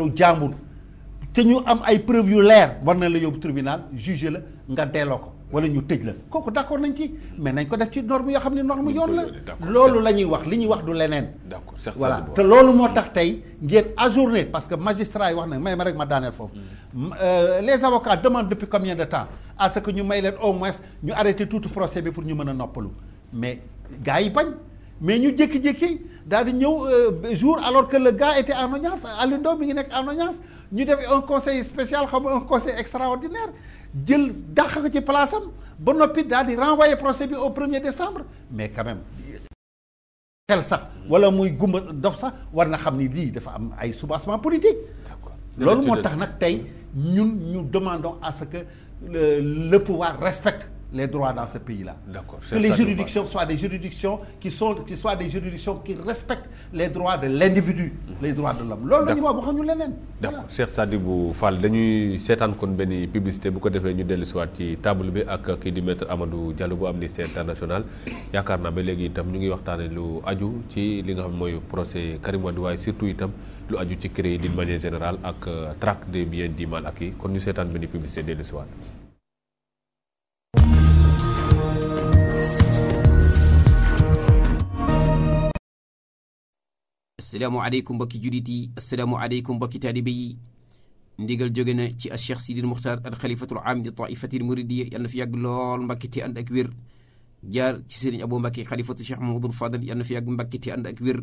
lu jàmbur te ñu am ay preuve yu leer war na la yóbbu tribunal juger la nga delloo ko wala ñu tëj la kooku d'accord nañ ci mais nañ ko def ci norme yoo xam ne norme yoon la loolu la ñuy wax li ñuy wax du leneen d'accord voilà te loolu moo tax tey ngeen ajourné parce que magistrat yi wax na may ma rek ma daaneel foofu mm. euh, les avocats demandent depuis combien de temps à que ñu may leen au moins ñu arrêté tout procès bi pour ñu mën a noppalu mais gars yi bañ mais daal di ñëw euh, jour alors que le gars était en audience Alioune mi ngi nekk en ñu def un conseil spécial xam un conseil extraordinaire jël dàq ko ci place am ba noppi daal di renvoyer procès bi au premier décembre mais quand même xel sax wala muy gumba dof sax war na xam ni lii dafa am ay soubassement politique loolu moo tax nag tey ñun ñu demandons à ce que le pouvoir respecte les droits dans ce pays-là. D'accord. Que les juridictions soient des juridictions qui sont qui soient des juridictions qui respectent les droits de l'individu, les droits de l'homme. loolu la ñu xam ñu leneen. d'accord Cheikh bu faal dañuy seetaan kon benn publicité bu ko defee ñu dellusiwaat ci taable bi ak kii di maître Amadou Diallo bu Amnesty International yaakaar naa ba léegi itam ñu ngi waxtaanee lu aju ci li nga xam mooy procès Karim Wade waaye surtout itam lu aju ci créer d'une manière générale ak euh, traque des biens dits mal acquis kon ñu seetaan benn publicité dellusiwaat. asalaamaaleykum mbokki julit yi asalaamaaleykum mbokki taalibe yi ndigal jóge na ci Cheikh Sidil Muxtaar al xalifatul aam di taifatil muridiya yal na fi yàgg lool mbàkki te ànd ak wér jaar ci sëriñ Abu Mbàkke xalifatu Cheikh Mamadul Fadal yal na fi yàgg mbàkki te ànd ak wér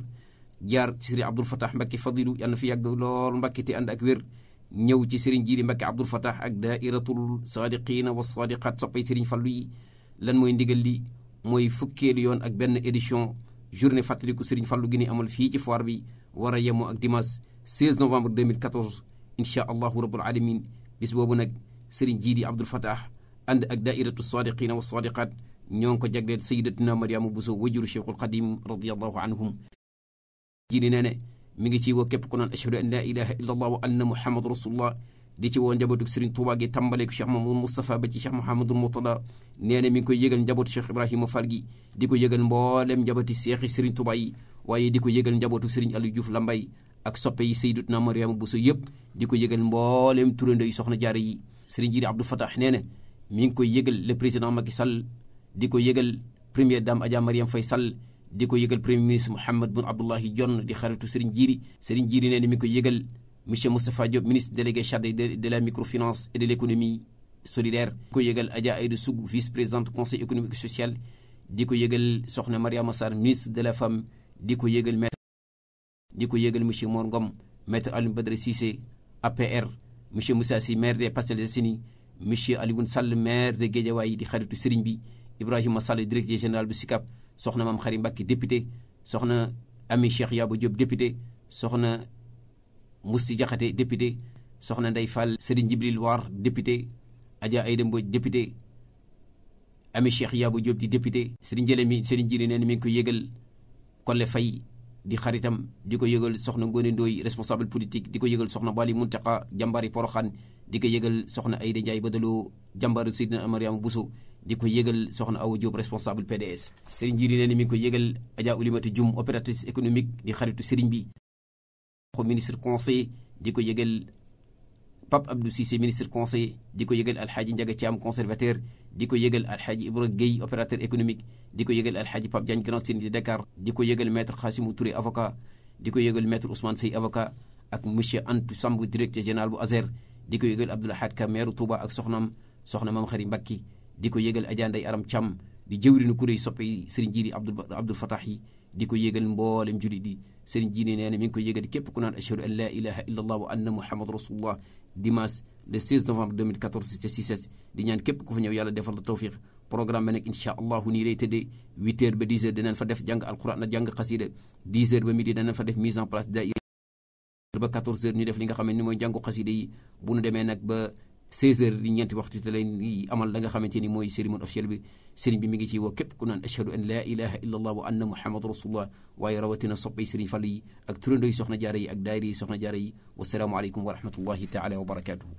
jaar ci sëriñ Abdul Fatah Mbàkke Fadilu yal na fi yàgg lool mbàkki te ànd ak wér ñëw ci sëriñ Jiili Mbàkke Abdul Fatah ak daairatul saadiqina wa saadiqat soppay sëriñ Fallu yi lan mooy ndigal li mooy fukkeelu yoon ak benn édition journée fàttaliku Serigne Fallou gi ni amal fii ci foire bi war a yemoo ak dimanche 16 novembre 2014 incha allahu rabbul alamin bis boobu nag Serigne Jiidi Abdul Fatah ànd ak daairatu sadiqina wa sadiqat ñoo ngi ko jagleel sayidatina Mariama Bousso wajuru Cheikhul Xadim radiallahu anhum jiidi nee ne mi ngi ciy woo képp ku naan ashhadu an la ilaha illa allah wa anna muhammad rasulullah di ci woo njabootug Serigne Touba gi tàmbale ko Cheikh Mamadou Moustapha ba ci Cheikh Mouhamadul Mourtada nee na mi ngi koy yëgal njabootu Cheikh Ibrahima Fall gi di ko yëgal mboolem njabooti Cheikh Serigne Touba yi waaye di ko yëgal njabootu Serigne Aliou Diouf Lambaye ak soppe yi Seydatuna Mariama Bousso yëpp di ko yëgal mboolem turandoo yi soxna jaare yi Serigne Jiri Abdou Fatah nee na mi ngi koy yëgal le président Macky Sall di ko yëgal premier dame Adja Mariam Faye Sall di ko yëgal premier ministre Mouhamed Boun Abdallah Dionne di xaritu Serigne Jiri Serigne Jiri nee na mi ngi koy yëgal monsieur Moustapha Diop ministre délégué chargé de la microfinance et de l'économie solidaire di présidente conseil économique et di ko yëgal soxna Mariama Sarr ministre de di ko yëgal maître di ko yëgal monsieur Mor Ngom maître Alioune Badara Cissé APR monsieur Moussa Sy maire des Parcelles Assainies monsieur Alioune de Guédiawaye di xaritu Serigne bi Ibrahima Sall directeur général bu SICAP soxna Mame Khary Mbacké député soxna Ami Cheikh Yaba Diop député soxna Mousty Diakhaté député Soxna Ndeye Fall Serigne Djibril War député Adja Aïda Mbodj député Ami Cheikh Yabou Diop di député Serigne Jële mi Serigne Jili nee na ko yëgal Kolle Faye di xaritam di ko yëgal Soxna Ngone Ndoye responsable politique di ko yëgal Soxna Bali Muntaqa jàmbaari Poroxaan di ko yëgal Soxna Aïda Ndiaye Badaloo jàmbaaru Seydina Mariama Bousso di ko yëgal soxna Awa Diop responsable PDS Serigne Jili nee na mi ngi ko yëgal Adja Oulimata Dioum opératrice économique di xaritu Serigne bi ministre conseil di ko yëgal Pape Abdou Cissé ministre conseil di ko yëgal Alxaaji Njaga Caam conservateur di ko yëgal Alxaaji Ibra Gueye opérateur économique di ko yëgal Alxaaji Pape Diagne Grand Serigne de Dakar di ko yëgal maître mu Touré avocat di ko yëgal maître Ousmane Sey avocat ak monsieur ant Samb directeur général bu ASER di ko yëgal Abdoul Ahad Ka maire Touba ak soxnam soxna Maam Xari Mbakki di ko yëgal Adja Ndeye Aram Thiam di jëwrinu kuréel soppe Serigne Jiiri Abdou Abdoul Fatah yi di ko yégal mboolem jullit yi sëriñ jiine nee na ko yégal képp ku naan ashhadu an laa ilaha illa allah wa anna muhammad rasulullah dimanche le 16 novembre 2014 te CICES di ñaan képp ku fa ñëw yàlla defal la tawfiq programme bi nag incha allahu nii lay tëddee 8 heures ba 10 fa def jàng alquran ak jàng xasida 10 heures ba midi danañ fa def mise en place daayira ba 16 heures di ñeenti waxtu te lay amal la nga xamante ni mooy cérémonie officielle bi sëriñ bi mi ngi ciy woo képp ku naan ashhadu an laa ilaha illa allah wa anna muhammadu rasulullah waaye rawatina soppay sëriñ Fall yi ak turandoo yi soxna jaara yi ak daayira yi soxna jaara yi wasalaamualeykum wa rahmatullahi taala wa barakatuhu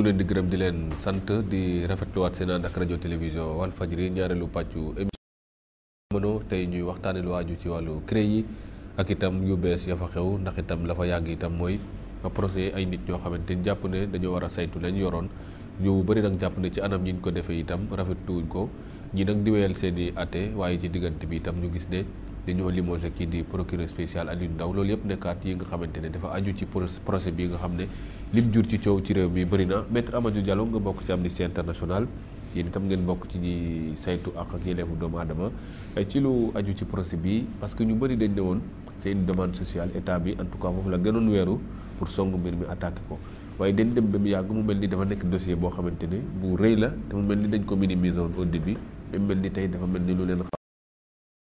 ñu leen di gërëm di leen sant di rafetluwaat seen ànd ak wal télévision Walfadjri ñaareelu pàccu émission jamono tey ñuy waxtaanee lu waaju ci wàllu CREI yi ak itam yu bees ya fa xew ndax itam la fa yàgg itam mooy procès ay nit ñoo xamante ni jàpp ne dañoo war saytu lañu yoroon ñu bari nag jàpp ne ci anam ñi ko defee itam rafetluwuñ ko ñi nag di wéyal seen i àtte waaye ci diggante bi itam ñu gis ne dañoo limogé kii di procureur spécial Aliou ndaw loolu yëpp nekkaat yi nga xamante ne dafa aju ci procès bi nga xam ne. lim jur ci coow ci réew mi bëri na maître Amadou jaloo nga bokk ci Amnesty International yéen itam ngeen bokk ci ñi saytu ak ak yelleefu doomu aadama eh, ci lu aju ci procès bi parce que ñu bëri dañ ne woon c'est demande sociale état bi en tout cas foofu la gënoon weeru pour song mbir mi attaqué ko waaye dañ dem ba mu yàgg mu mel ni dafa nekk dossier boo xamante ne bu rëy la te mu mel ni dañ ko minimiser woon au début mu mel ni tey dafa mel ni lu leen xam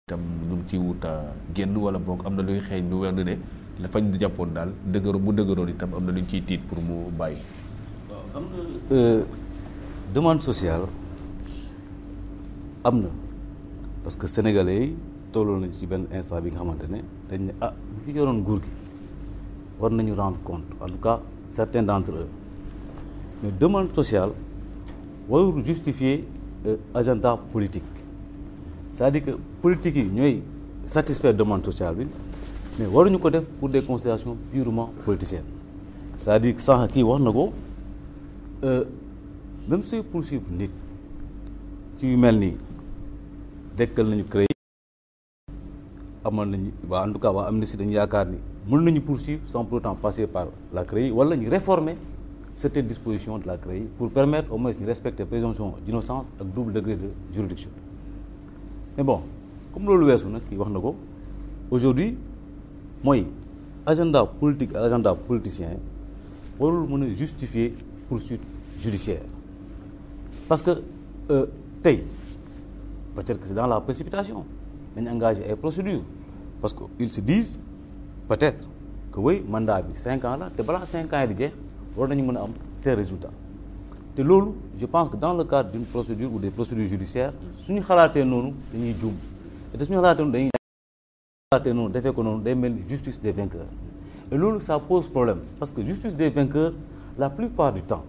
itam ñu ngi ciy wut a génn wala boog am na luy xeeñ lu wenn ne la fañ jàppoon daal dëgëru bu dëgëroon itam am na lu ñu tiit pour mu bàyyi. waaw euh, social am na parce que sénégalais yi tolloo nañ ci benn instant bi nga xamante ne dañ ne ah bu fi yoroon nguur gi war nañu rendre compte en tout cas certains d'entre eux mais demande sociale warul justifier euh, agenda politique c'est-à-dire que politique yi ñooy satisfaire demande sociale bi. mais waruñu ko def pour des considérations purement politiciennes c'est-à-dire que sànq kii wax na ko euh, même sooy poursuivre nit ci yu mel nii dekkal nañu créé amal nañu waa en tout cas waa Amnesty dañu yaakaar ni mën nañu poursuivre sans pour autant passer par la CREI wala ñu réformer certaines dispositions de la CREI pour permettre au moins ñu respecter présomption d'innocence ak double degré de juridiction mais bon comme loolu weesu nag kii wax na ko aujourd'hui mooy agenda politique ak agenda politicien warul mën a justifier poursuite judiciaire parce que euh, tey peut-être que c'est dans la précipitation dañu engagé ay procédures parce que ils se disent peut-être que oui mandat bi cinq ans la te balaa cinq ans yi di jeex war nañu mën a am te résultat te loolu je pense que dans le cadre d'une procédure ou des procédures judiciaires suñu xalaatee noonu dañuy jub te suñu xalaatee noonu dañuy te noonu defee ko noonu day mel ni justice des vainqueurs loolu ça pose problème parce que justice des vainqueurs la plupart du temps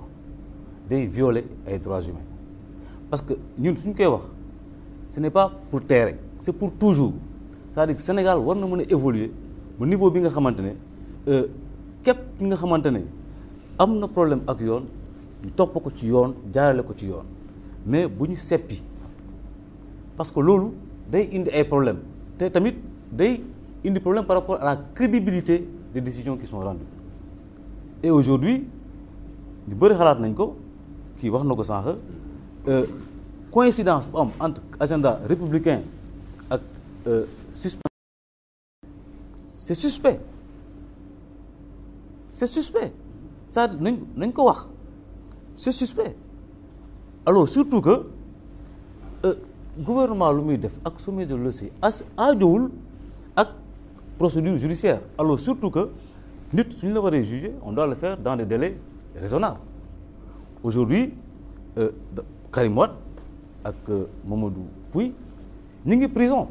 day viole ay droits humains parce que ñun suñ koy wax ce pas pour tey rek c'est pour toujours c'est-à-dire Sénégal war na mën a évoluer ba niveau bi nga xamante ne euh, képp ki nga xamante ne am na problème ak yoon ñu topp ko ci yoon jaarale ko ci yoon mais bu ñu seppi parce que loolu day indi ay problèmes te tamit day indi problème par rapport à la crédibilité de décisions qui sont rendues et aujourd'hui ñu bëri xalaat nañ ko kii wax na ko sànq euh, coïncidence bu am entre agenda républicain ak euh, suspect c'est suspect c'est suspect ça nañ nañ ko wax c'est suspect alors surtout que euh, gouvernement lu muy def ak sommet de l'OCI as aajowul procédure judiciaire alors surtout que nit suñu la waree juger on doit le faire dans des délais raisonnables aujourd'hui euh, ak euh, Mamadou Pouy ñu ngi prison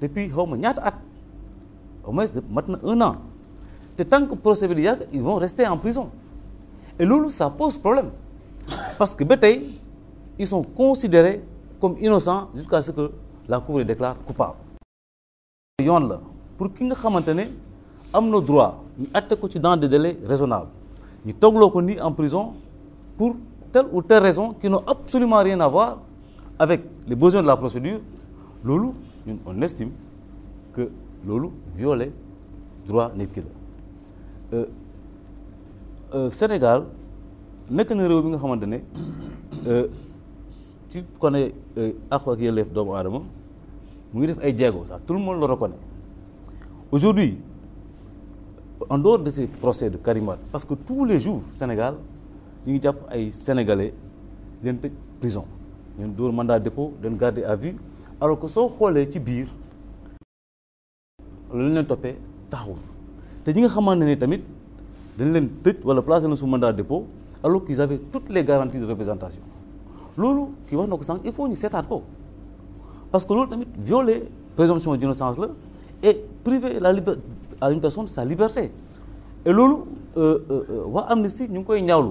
depuis xaw ma ñaata at au moins mat na un an te tant que procès bi di ils vont rester en prison et loolu ça pose problème parce que ba tey ils sont considérés comme innocents jusqu'à ce que la cour les déclare coupables yoon la pour ki nga xamante ne am na droit ñu atte ko ci dans de délais raisonnables ñu toogloo ko nii en prison pour telle ou telle raison qui n'ont absolument rien à avec les besoins de la procédure loolu ñun on estime que loolu viole droit nit ki la euh, euh, Sénégal nekk na réew bi nga xamante ne euh, ci kone àq ak doomu aadama mu ngi def ay jéego sax tout le monde le reconnaît aujourd'hui en door de ces procès de Karim parce que tous les jours Sénégal ñu ngi jàpp ay sénégalais leen tëj prison leen door mandat dépôt leen garder à vue alors que soo xoolee ci biir loolu leen toppee taxawul te ñi nga xamante ni tamit dañ leen tëj wala placé na sous mandat dépôt alors is avaient toutes les garanties de représentation loolu kii wax na ko sànq il faut ñu seetaat ko. parce que loolu tamit violer présomption d'innocence la et priver la liberté à une personne sa liberté et loolu euh, euh, euh, waa Amnesty ñu ngi koy ñaawlu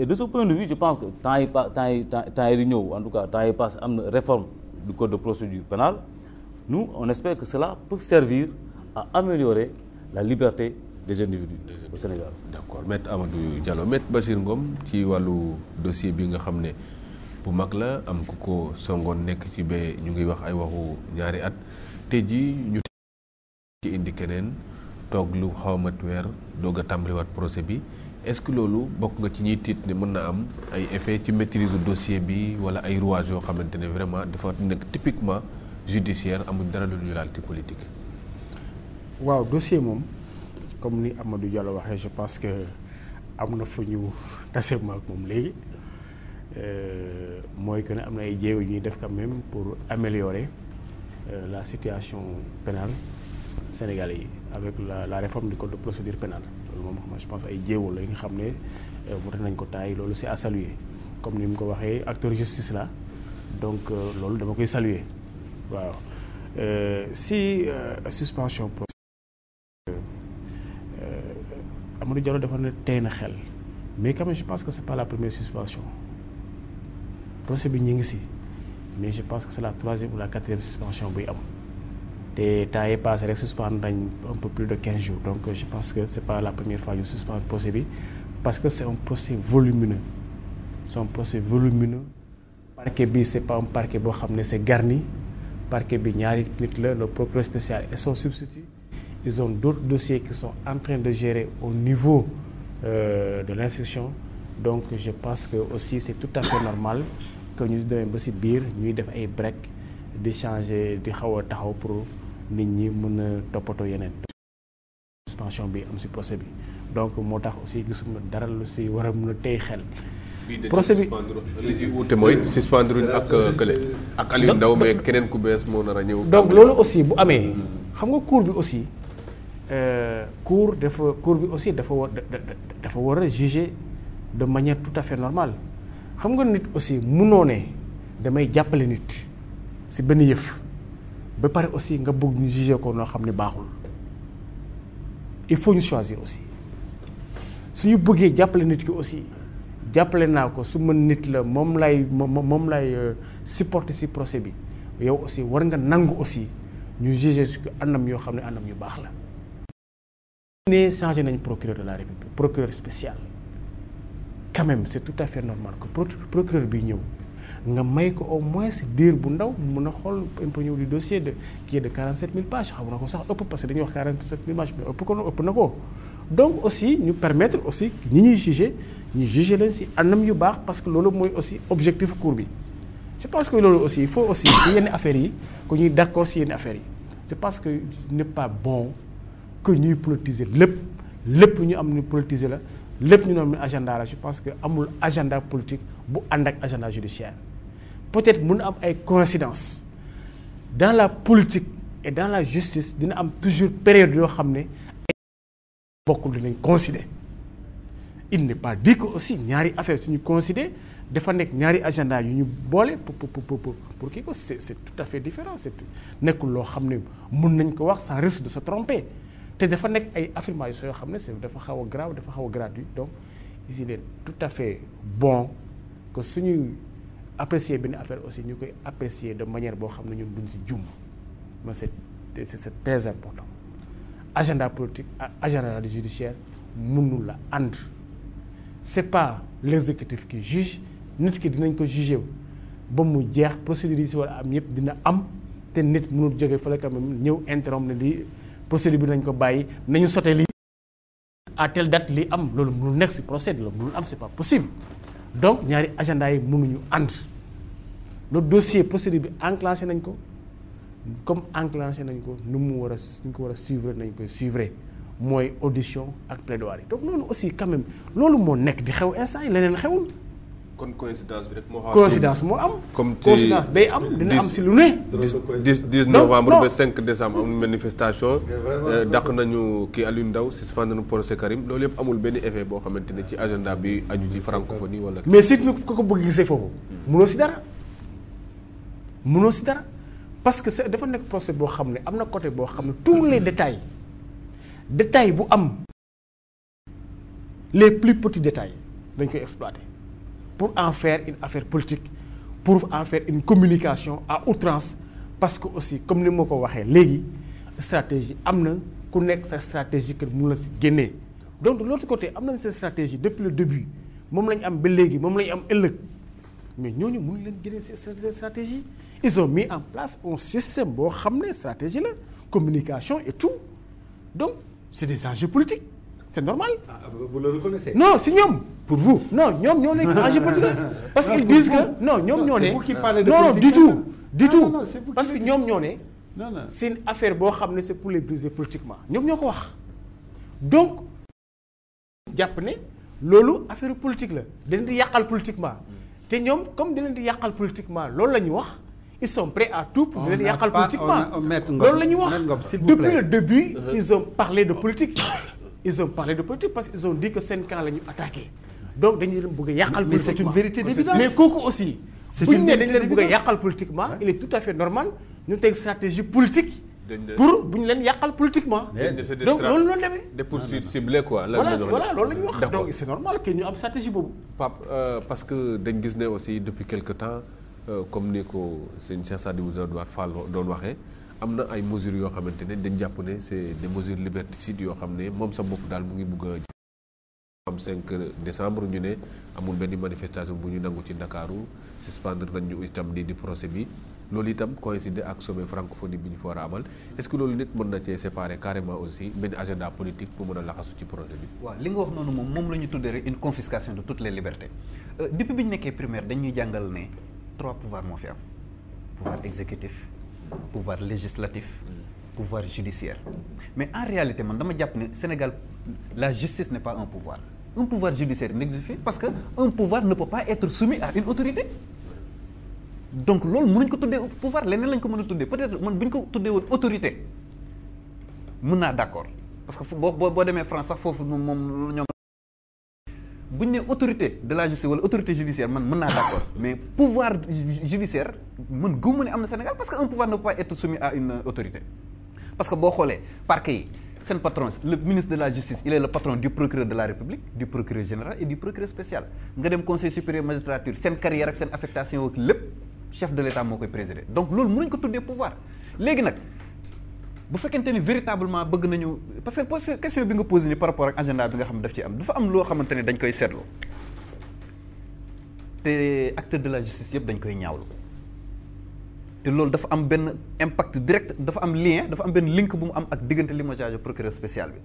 et de ce point de vue je pense que temps yi pa temps yi temps yi ñëw en tout cas temps yi passé am na réforme du code de procédure pénale nous on espère que cela peut servir à améliorer la liberté des individus au Sénégal. d'accord maître Amadou Diallo maître Bachir Ngom ci wàllu dossier bi nga xam ne. bu mag la am ku ko songoon nekk ci ba ñu ngi wax ay waxu ñaari at tey ji ñu ci indi keneen toog lu xawmat weer doog a tàmbaliwaat procès bi est-ce que loolu bokk nga ci ñiy tiit ne mën na am ay effet ci maîtrise du dossier bi wala ay rouages yoo xamante ne vraiment dafa nekk typiquement judiciaire amuñ dara lu ñu laal ci politique. waaw dossier moom comme ni Amadou Diallo waxee je pense que am na fu ñu tase ak moom léegi. Euh, mooy que ne am na ay jéego ñuy def quand même pour améliorer euh, la situation pénale sénégalais yi avec la la réforme du code de procédure pénale loolu moom xam je pense ay jéego la yi xam ne euh, voté nañ ko taay loolu c'est à saluer comme ni mu ko waxee acteur justice la donc loolu dama koy saluer waaw si suspension Amadou Diallo dafa ne tey na xel mais quand même je pense que c'est pas la première suspension procès bi ñu ngi si mais je pense que c'est la troisième ou la quatrième suspension buy am te temps yi passé rek suspendre nañ un peu plus de quinze jours donc je pense que c'est pas la première fois ñu suspendre procès bi parce que c'est un procès volumineux c'est un procès volumineux parquet bi c'est pas un parquet boo xam ne c'est garni parquet bi ñaari nit la le procureur spécial et son substitut ils ont d'autres dossiers qui sont en train de gérer au niveau euh, de l'instruction donc je pense que aussi c'est tout à que ñu demee ba si biir ñuy def ay break di changer di xaw a taxaw pour nit ñi mën a toppatoo yeneen. suspension bi am si procès bi donc moo tax aussi gisuma dara lu si war a mun a tey xel. procès bi li wuute mooy suspendre ak euh, kële ak Aliou Ndao mais keneen ku bees moo nar a ñëw. donc loolu aussi bu amee. Hmm. xam nga cour bi aussi. Euh, cour dafa cour bi aussi dafa war dafa war a juger de manière tout à fait normale. xam nga nit aussi munoo ne damay jàppale nit si benn yëf ba pare aussi nga bëgg ñu juger ko noo xam ne baaxul il faut ñu choisir aussi suñu bëggee jàppale nit ki aussi jàppale naa ko su mën nit la moom lay moom lay euh, supporter si procès bi yow aussi war nga nangu aussi ñu juger si anam yoo xam ne anam yu baax la. ne changé nañ procureur de la république procureur spécial. quand même c'est tout à fait normal que procureur bi ñëw nga may ko au moins diir bu ndaw mun a xool imprégné du dossier de qui est de 47000 parce xam na ko sax ëpp parce que dañuy wax ko ëpp aussi ñu permettre aussi ñi ñuy juger ñu juger leen ci anam yu baax parce que loolu mooy aussi objectif cour bi je parce que loolu aussi il faut aussi ci yenn affaires yi que ñuy d'accord ci yenn affaires yi je pense que n'est pas bon que ñuy politiser lépp lépp ñu am ñu politiser la. lépp ñu noon mi agenda la je pense que amul agenda politique bu ànd ak agenda judiciaire peut-être mun am ay coïncidence dans la politique et dans la justice dina am toujours période yoo xam ne ay bokkul dinañ considérer il n'est pas dit que aussi ñaari affaire suñu considérer dafa nekk ñaari agenda yu ñu boole pour pour pour pour kii ko c'est tout à fait différent c'est nekkul loo xam ne mun nañ ko wax sans risque de se tromper te dafa nekk ay affirmations yoo xam ne c'est dafa xaw a grave dafa xaw a gratuit donc il leen tout à fait bon que suñuy apprécier benn affaire aussi ñu koy apprécier de manière boo xam ne ñun duñ si jum mais c'est c'est très important agenda politique agenda judiciaire mënul la ànd c'est pas l'exécutif qui juge nit ki dinañ ko juger ba mu jeex procédure yi si war a am yëpp dina am te nit mënul jóge fële quand même ñëw interrompre ne lii procédure bi nañ ko bàyyi nañu sote lii à telle date li am loolu mënul nekk si procédure loolu mënul am c'est pas possible donc ñaari agenda yi mënuñu ànd le dossier procédure bi enclenché nañ ko comme enclenché nañ ko nu mu war a nu ko war a suivre nañ koy suivre mooy audition ak plaidoirie donc loolu aussi quand loolu moo nekk di xew instant yi leneen xewul kon coïncidence bi rek moo. coïncidence moo am. comme ci coïncidence day am dina am si lu ne. dix dix novembre ba cinq décembre amul manifestation. Euh, dàq nañu kii Alioune Ndao suspendre nañu procès Karim loolu yëpp amul benn effet boo xamante ne ci agenda bi aju ci francophonie wala. mais surtout ku ko bëgg gisee foofu. mënoo si dara mënoo si dara parce que dafa nekk procès boo xam ne am na côté boo xam ne tous les détails détails bu am les plus petits détails dañ koy exploiter. pour en faire une affaire politique pour en faire une communication à outrance parce que aussi comme ni ma ko waxee léegi stratégie am na ku nekk sa stratégie que mun la si génnee donc de l'autre côté am na sa stratégie depuis le début moom la ñu am ba léegi moom la ñu am ëllëg mais ñoo ñu mënuñ leen génnee seen stratégie ils ont mis en place un système boo xam ne stratégie la communication et tout donc c'est des enjeux politiques c'est normal. Ah, ah vous non si ñoom. pour vous non ñoom ñoo nekk en jeu politique parce qu'ils disent que non ñoom ñoo ne. non non du tout du tout parce que ñoom ñoo ne. non non affaire boo xam ne c'est pour les briser politiquement ñoom ñoo ko wax donc. jàpp ne loolu affaire politique la da di yàqal politiquement te ñoom comme da leen di yàqal politiquement loolu la ñu wax ils à tout pour da leen la ñu wax depuis le début ils ont parlé de politique ils ont parlé de politique parce qu'ils ont dit que seen camp la ñu attaqué donc dañu leen bëgg a yàqal. mais ñu leen bëgg a yàqal politiquement il est tout à fait normal ñu teg stratégie politique. pour bu ñu leen yàqal politiquement. donc loolu loolu demee. de poursuite ciblée quoi. voilà voilà loolu wax donc c'est normal que ñu am stratégie boobu. Pape euh, parce que dañ gis ne aussi depuis quelque temps euh, comme ni ko sëñ Cheikh Sadibou Zodouat doon waxee. am na ay mesures yoo xamante ne dañ jàpp ne c' est des mesures liberticides yoo xam ne moom sa bopp daal mu ngi bugg a am 5 décembre ñu ne amul benn manifestation bu ñu nangu ci ndakaaru suspendre nañ itam lii di procès bi loolu itam coïncider ak sommet francophonie bi ñu fa war a amal est ce que loolu nit mën na cee séparer carrément aussi benn agenda politique pour mën a laxasu ci procès bi. waaw li nga wax noonu moom moom la ñu tuddee rek une confiscation euh, moo fi am pouvoir législatif mm. pouvoir judiciaire mais en réalité man dama jàpp ne Sénégal la justice n'est pas un pouvoir un pouvoir judiciaire n'existe pas parce que un pouvoir ne peut pas être soumis à une autorité donc loolu mënuñ ko tuddee pouvoir leneen lañ ko mën a tuddee peut-être man bu ñu ko tuddee woon autorité mën naa d'accord parce que boo boo demee France sax foofu moom ñoom. bu ñu ne autorité de la justice wala autorité judiciaire man mën naa d'accord mais pouvoir judiciaire man gëmuma ne am na Sénégal parce que un pouvoir ne peut pas être à une autorité parce que boo xoolee parquet yi seen patron le ministre de la justice il est le patron du procureur de la république du procureur général et du procureur spécial nga dem conseil supérieur magistrature seen carrière ak seen affectation ak lépp chef de l'état moo koy présider donc loolu mënuñ ko tuddee pouvoir léegi nag bu fekkente ni véritablement bëgg nañu parce que question bi nga posé ni par rapport ak agenda bi nga xam ne ci am dafa am loo xamante ne dañ koy seetlu te acteur de la justice yëpp dañ koy ñaawlu te loolu dafa am benn impact direct dafa am lien dafa am benn link bu mu am ak diggante limogeage procureur spécial bi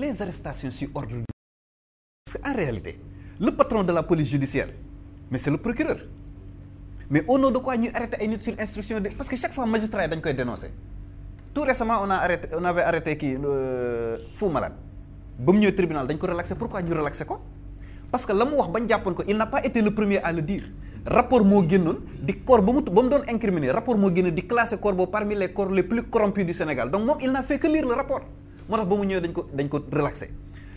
les arrestations sur ordre du parce la police judiciaire mais c'est le procureur mais au nom de quoi tout récemment on a arrêté on avait arrêté kii Fou Malade ba mu ñëw tribunal dañ ko relaxé pourquoi ñu relaxé ko parce que la mu wax bañ jàppoon ko il n'a pas été le premier à le dire rapport moo génnoon di corps ba mu doon incriminé rapport moo génnoon di classé corps boobu parmi les corps les plus corrompus du Sénégal donc moom il n'a fait que lire rapport moo tax ba mu ñëwee dañ ko dañ ko relaxé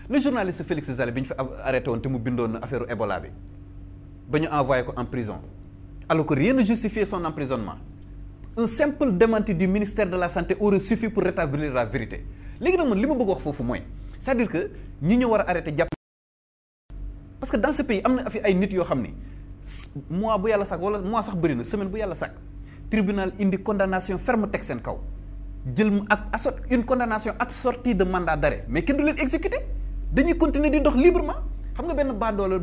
le journaliste Félix Zale bi ñu fi arrêté woon te mu bindoon ko en prison alors que rien ne justifiait son emprisonnement un simple demante du ministère de la santé aurait suffi pour rétablir la vérité léegi nag man li ma bëgg wax foofu mooy c'est-à-dire que ñi ñu war a arrêté jàpp parce que dans ce pays am na fi ay nit yoo xam ni mois bu yàlla sàkk wala mois sax bëri na semaine bu yàlla sàkk tribunal indi condamnation ferme teg seen kaw jël mu ak assort une condamnation sorti de mandat dare mais kenn du leen exécuté dañuy continuer di dox ma xam nga benn bandoola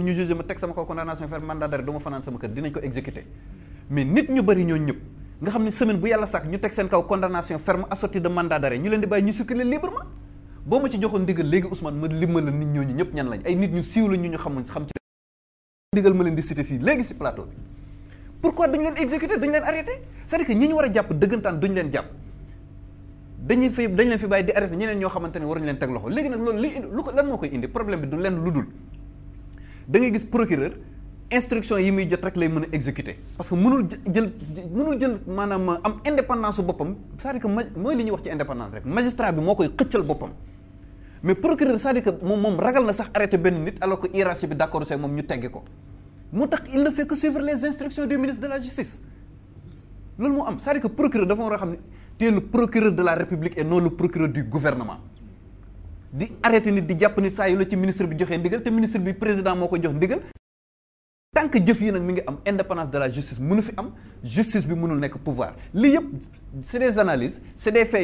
ni teg sama kaw condamnation ferme mandat de mandat d'arrêt ñu leen di bàyyi ñu circuler librement boo ma ci joxoon ndigal léegi Ousmane ma limma la nit ñooñu ñëpp ñan lañ ay nit ñu siiw la ñu xamuñ xam ci ndigal ma leen di cité fii léegi si plateau bi pourquoi dañu leen exécuté dañu leen arrêté cest à ñi ñu war a jàpp dëggantaan duñu leen jàpp dañuy fi dañ leen fi bàyyi di arrêté ñeneen ñoo xamante ne waruñu leen teg loxo léegi nag loolu lu ko lan moo koy indi problème bi du leen lu dul da ngay gis procureur instruction yi muy jot rek lay mën a exécuter parce que mënul jël mënul jël maanaam am indépendance boppam c'est-à-dire mooy li ñuy wax ci indépendance rek magistrat bi moo koy xëccal boppam mais procureur c'est-à-dire moom moom ragal na sax arrêté benn nit alors que hiérarchie bi d'accord c'est moom ñu teggi ko mu tax il ne fait que suivre les instructions du ministre de la justice loolu moo am cest procureur dafa war a xam ne tu es le procureur de la république et non le procureur du gouvernement di arrêté nit di jàpp nit saa yu la ci ministre bi joxe ndigal te ministre bi président moo ko jox ndigal tant que jëf yi nag mi ngi am indépendance de la justice mënu fi am justice bi mënul nekk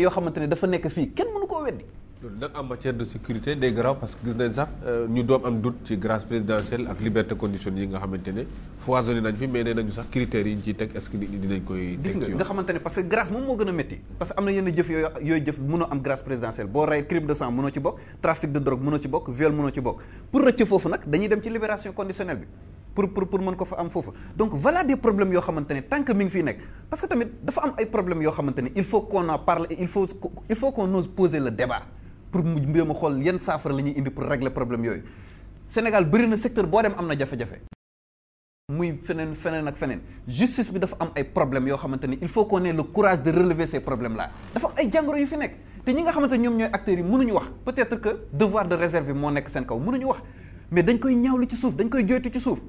yoo xamante ne dafa nekk fii kenn mënu koo weddi loolu nag en matière de sécurité day garaaw parce que gis nañ sax euh, ñu doom am doute ci grâce présidentielle ak liberté condition yi nga xamante ne foisonné nañ fi mais nañu sax critères yi ñu ciy teg est dinañ koy. gis nga nga parce que grâce moom moo gën a métti. parce que am na yenn jëf yooyu yooyu jëf mënoo am grâce présidentielle boo rey crime de sang mënoo ci bokk trafic de drogue mënoo ci bokk viol mënoo ci bokk pour rëcc foofu nag dañuy dem ci libération pour mu jéem a xool yan saafara la ñuy indi pour régler problème yooyu Sénégal bëri na secteur boo dem am na jafe-jafe. muy feneen feneen ak feneen justice bi dafa am ay problèmes yoo xamante ni il faut qu'on ait le courage de relever ces problèmes là dafa am ay jàngoro yu fi nekk te ñi nga xamante ñoom ñooy acteurs yi mënuñu wax peut-être que devoir de réserve moo nekk seen kaw ñu wax mais dañ koy ñaawlu ci suuf dañ koy joytu ci suuf.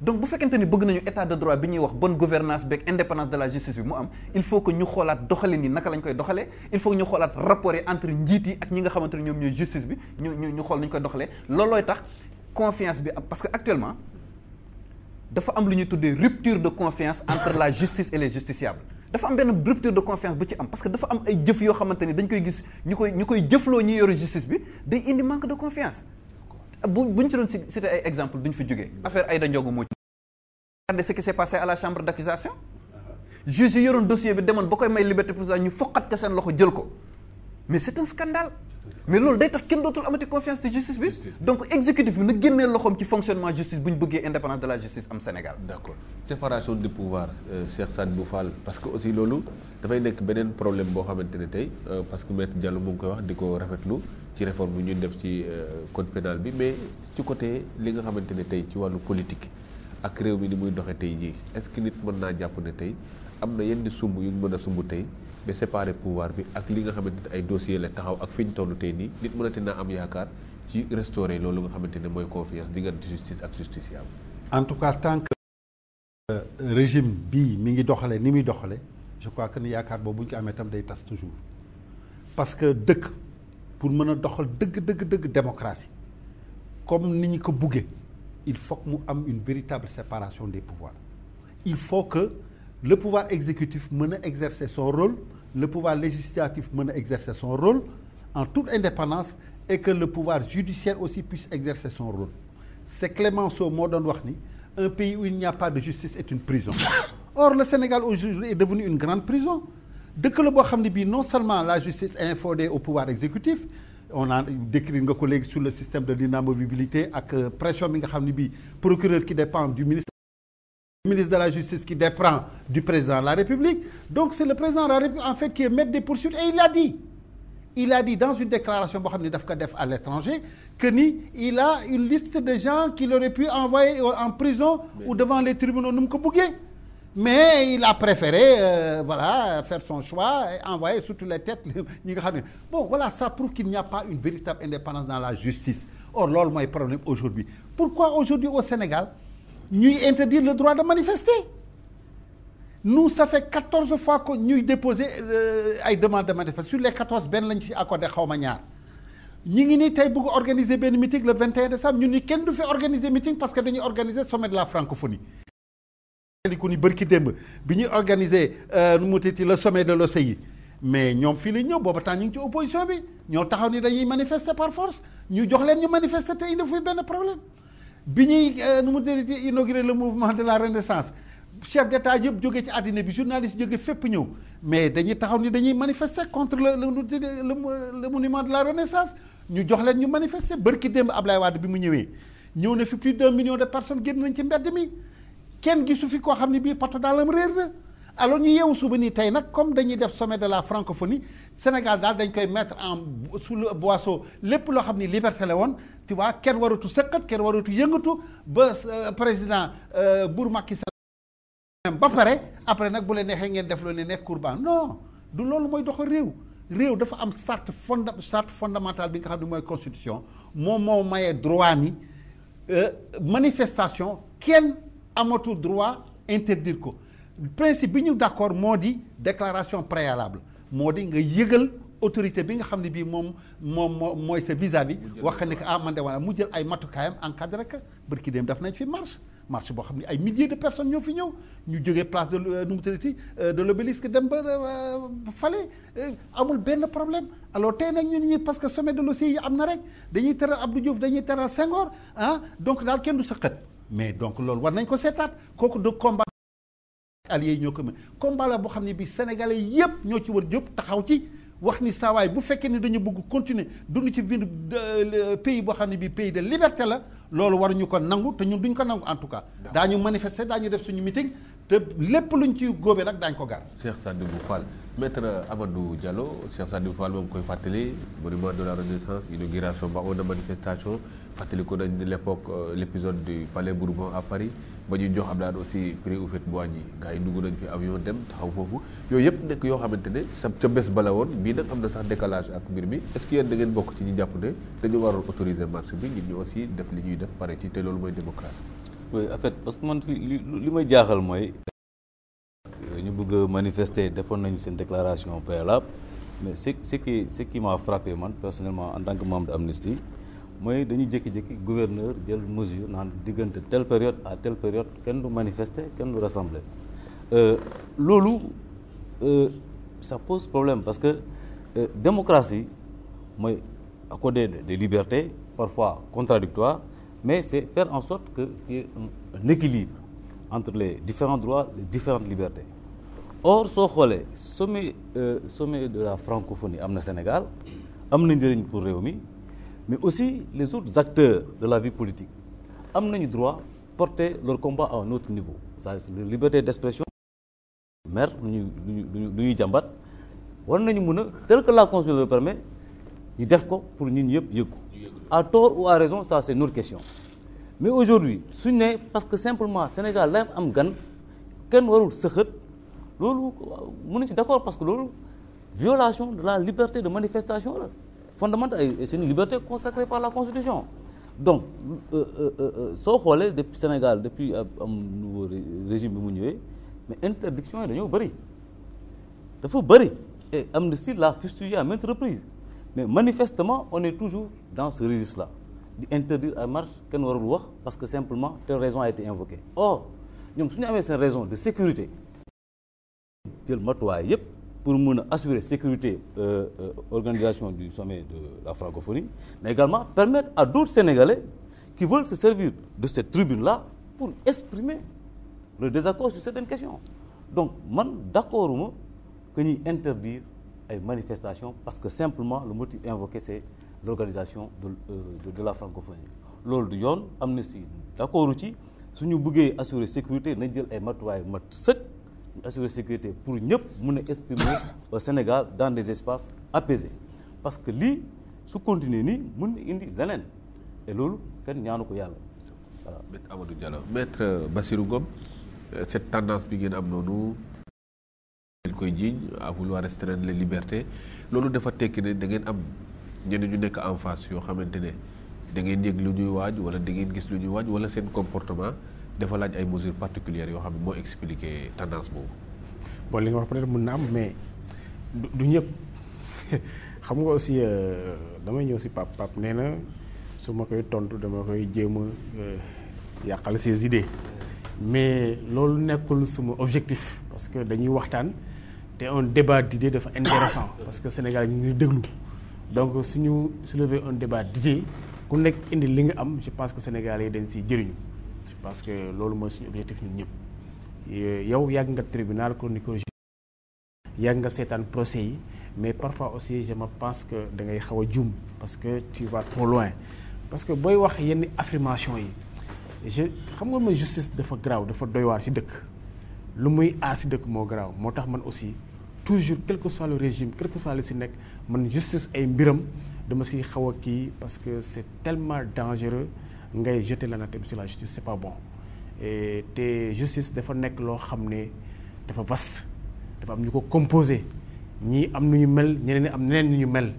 donc bu fekkente ni bëgg nañu état de droit bi ñuy wax bonne gouvernance beeg indépendance de la justice bi mu am il faut que ñu xoolaat doxalin yi naka lañ koy doxalee il faut que ñu xoolaat rapport yi entre njiit yi ak ñi nga xamante ne ñoom ñooy justice bi ñu ñu ñu xool nañ koy doxalee loolooy tax confiance bi parce que actuellement dafa am lu ñuy tuddee rupture de confiance entre la justice et les justiciables dafa am benn rupture de confiance bu ci am parce que dafa am ay jëf yoo xamante ni dañ koy gis ñu koy ñu koy jëfloo ñi yoru bi day indi manque de confiance bu bu ñu ci doon ay exemple duñ fi jógee affaire Aïda Ndiogu moo ci. regardez ce qui s'est passé à chambre d'accusation uh-huh. juge yi yoroon dossier bi demoon ba koy may liberté provisoire ñu foqat ko seen loxo jël ko. mais c'est un scandale mais loolu day tax kenn dootul amati confiance ci justice bi donc exécutif bi na génnee loxoom ci fonctionnement justice bu ñu bëggee indépendance de la justice am Sénégal d'accord séparation de pouvoir euh, Cheikh Sadibou Fall parce que aussi loolu dafay nekk beneen problème boo xamante ne tey euh, parce que maître Diallo mu ngi koy wax di ko rafetlu ci réforme bi ñu def ci euh, code pénal bi mais ci côté li nga xamante ne tey ci wàllu politique ak réew muy doxee tey jii est-ce que nit mën naa jàpp ne tey am na yenn sumb yu mën a sumb tey mais séparer pouvoir bi ak li nga xamante ne ay dossier la taxaw ak fi ñu toll tey nii nit mënati naa am yaakaar ci restaurer loolu nga xamante ne mooy confiance diggante justice ak justiciable en tout cas tant que euh, régime bii mi ngi doxale ni muy doxale je crois que ni yaakaar boobu bu ñu ko amee tam day parce que dëkk pour mën a doxal dëgg dëgg dëgg démocratie comme ni ñu ko buggee il faut que mu am une véritable séparation des pouvoirs il faut que le pouvoir exécutif mën a exercer son rôle le pouvoir législatif mën a exercer son rôle en toute indépendance et que le pouvoir judiciaire aussi puisse exercer son rôle c'est Clémenceau moo doon wax ni un pays où il n'y a pas de justice est une prison or le Sénégal aujourd'hui est devenu une grande prison dëkk la boo xam ne bii non seulement la justice est inféodée au pouvoir exécutif on a décrit nga ko léegi sur le système de l'inamovibilité ak pression bi nga xam ne bii procureur qui dépend ministre de la Justice qui dépend du président de la République. Donc c'est le président de la République en fait qui est maître des poursuites et il l'a dit. Il a dit dans une déclaration boo xam ne daf ko def à l'étranger que ni il a une liste de gens qu'il aurait pu envoyer en prison oui. ou devant les tribunaux nu mu ko buggee. mais il a préféré euh, voilà faire son choix et envoyer surtout les têtes ñi nga xam ne bon voilà ça prouve qu'il n'y a pas une véritable indépendance dans la justice or loolu mooy problème aujourd'hui pourquoi aujourd'hui au Sénégal ñuy interdire le droit de manifester nous ça fait quatorze fois que ñuy déposer euh, ay demande de manifester sur les quatorze benn lañu ci accordé xaw ma ñaar ñi ngi ni tey bëgg organiser benn meeting le 21 décembre ñu ni kenn du fi organiser meeting parce que dañuy organiser sommet de la francophonie li ku ni bërki bi ñuy organiser euh, nu mu titi le sommet de l'OCI mais ñoom fii la ñëw booba temps ñu ngi ci opposition bi ñoo taxaw ni dañuy manifester par force ñu jox leen ñu manifester te indi fuy benn problème bi ñuy euh, nu mu tëddee inauguré le mouvement de la renaissance chef d'état yëpp jóge ci àddina bi journaliste jóge fépp ñëw mais dañuy taxaw ni dañuy manifester contre le le le monument de la renaissance ñu jox leen ñu manifeste bërki démb Ablaye Wade bi mu ñëwee ñëw na fi plus d'un million de personnes génn nañ ci mbedd mi kenn gisu fi koo xam ne bii poto daalam réer na alors ñu yeewu suba nii tey nag comme dañuy def sommet de la francophonie Sénégal daal dañ koy mettre en sous le lépp loo xam ni liberté la woon tu vois kenn waratu sëqat kenn waratu yëngatu ba euh, président euh, Bour Macky Sall ba pare après nag bu leen neexee ngeen def loo ne nekk kurban non du loolu mooy dox réew réew dafa am charte fonda charte fondamentale bi nga xam ne mooy constitution moom moo maye droit ni euh, manifestation kenn amatul droit interdire ko principe bi ñu d'accord moo di déclaration préalable moo di nga yëgal autorité bi nga xam ne bii moom moom moo mooy sa vis-à-vis wax ne que ah man de mu jël ay matukaayam en que bërki dem daf nañ fi marche marche boo xam ne ay milliers de personnes ñoo fi ñëw ñu jógee place de euh, nu mu tuddati euh, de l'obélisque dem ba euh, fale amul benn problème alors tey nag ñun ñi parce que sommet de l'OCI yi am na rek dañuy teral Abdou Diouf dañuy teral sengoor ah donc daal kenn du sa mais donc loolu war nañ ko seetaat kooku de combat alliés yi ñoo ko mën combat boo xam ne bi sénégalais yépp ñoo ci war jóg taxaw ci wax ni saawaay bu fekkee ni dañu bëgg continuer dund ci biir pays boo xam ne bii pays de liberté la loolu ñu ko nangu te ñun duñ ko nangu en tout cas. daañu manifester daañu def suñu meeting te lépp ñu ci góobee nag daañ ko gar Cheikh Sadibou Fall maître Amadou Diallo Cheikh Sadibou Fall moom koy fàttali monument de la renaissance inauguration ba on a manifestation fàttali ko nañ l'époque euh, l'épisode du palais Bourbon à Paris. ba ñuy jox Abdaan aussi prix Houphouët Boigny gars yi dugg nañ fi avion dem taxaw foofu yooyu yëpp nekk yoo xamante ne sa ca bés bala woon bii am na sax décalage ak mbir mi est-ce que yéen da ngeen bokk ci ñi jàpp ne dañu waroon autoriser marché bi nit ñi aussi def li ñuy def pare ci te loolu mooy démocratie. oui en fait man li li may jaaxal mooy. ñu bëgg a manifester defoon nañu seen déclaration préalable mais ce ce qui ce qui m'a frappé man personnellement en tant que membre de Amnesty mooy dañu jékki-jékki gouverneur jël mesure naan diggante telle période à telle période kenn du manifester kenn du rassembler euh, loolu euh, ça pose problème parce que euh, démocratie mooy accorder des liberté parfois contradictoires mais c'est faire en sorte que qu'il y ait un équilibre entre les différents droits les différentes libertés or soo xoolee sommet sommet de la francophonie am na Sénégal am na njëriñ pour réew mi mais aussi les autres acteurs de la vie politique am nañu droit porter leur combat à un autre niveau c'est-à-dire la liberté d'expression maire lu ñu lu ñuy lu ñuy jàmbat war nañu mën a tel que la constitution le permet ñu def ko pour ñun yëpp yëg ko à tort ou à raison ça c'est une question mais aujourd'hui suñu ne parce que simplement Sénégal la am gan kenn warul sëxët loolu mun mënuñ ci d'accord parce que loolu violation de la liberté de manifestation la fondamentale et c'est une liberté consacrée par la Constitution donc euh, euh, euh, soo xoolee depuis Sénégal depuis am nouveau régime bi mu ñëwee mais interdiction yi dañoo bëri dafa bëri et Amnesty l'a fustigé à maintes reprises mais manifestement on est toujours dans ce registre la di interdire à marche kenn warul wax parce que simplement telle raison a été invoquée or ñoom su ñu amee seen raison de sécurité jël matuwaay yëpp pour mun a assurer sécurité euh, euh, organisation du sommet de la francophonie mais également permettre à d'autres Sénégalais qui veulent se servir de cette tribune-là pour exprimer le désaccord sur certaines questions donc man d'accord uma que ñuy interdire ay manifestations parce que simplement le motif invoqué c'est l'organisation de, euh, de de la francophonie loolu du yoon am na si d'accordu ci suñu bëggee assurer sécurité nañ jël ay matuwaay mat sëkk assurer sécurité pour ñëpp mun a exprimer au Sénégal dans des espaces apaisés parce que lii su continuer nii mun na indi leneen et loolu kenn ñaanu ko yàlla voilà. maître Amadou Diallo maître Bassirou Ngom euh, cette tendance bi ngeen am noonu. ngeen koy jiiñ à vouloir restreindre les libertés loolu dafa tekki ne da ngeen am ñenn ñu nekk en face yoo xamante ne da ngeen yëg lu ñuy waaj wala da ngeen gis lu ñuy waaj wala seen comportement. dafa laaj ay mesures particulières yoo xam ne moo expliquer tendance boobu. bon li nga wax peut-être mën na am mais du ñëpp xam nga aussi euh, damay ñëw si pap pap nee na su ma koy tontu dama koy jéem a euh, yàqal ses idées mais loolu nekkul suma objectif parce que dañuy waxtaan te un débat d'idées dafa intéressant parce que Sénégal ñu ngi déglu donc suñu soulever un débat d'idées ku nekk indi li nga am je pense que sénégal yi dañ si jëriñu. parce que loolu mooy suñu objectif ñu ñëpp yow yàgg nga tribunal chroniqueur yàgg nga seetaan procès yi mais parfois aussi je me pense que da ngay xaw a juum parce que tu vas trop loin parce que booy wax yenn affirmation yi je xam nga ma justice dafa garaaw dafa doy waar ci dëkk lu muy aar ci dëkk moo garaaw moo tax man aussi toujours quel que soit le régime quel soit li ci nekk man justice ay mbiram dama ci xaw a kii parce que c'est tellement dangereux ngay jeter l'anathème sur la justice c'est pas bon et te justice dafa nekk loo xam ne dafa vaste dafa am ñu ko composé ñii am nu ñu mel ñeneen am ñeneen nu ñu mel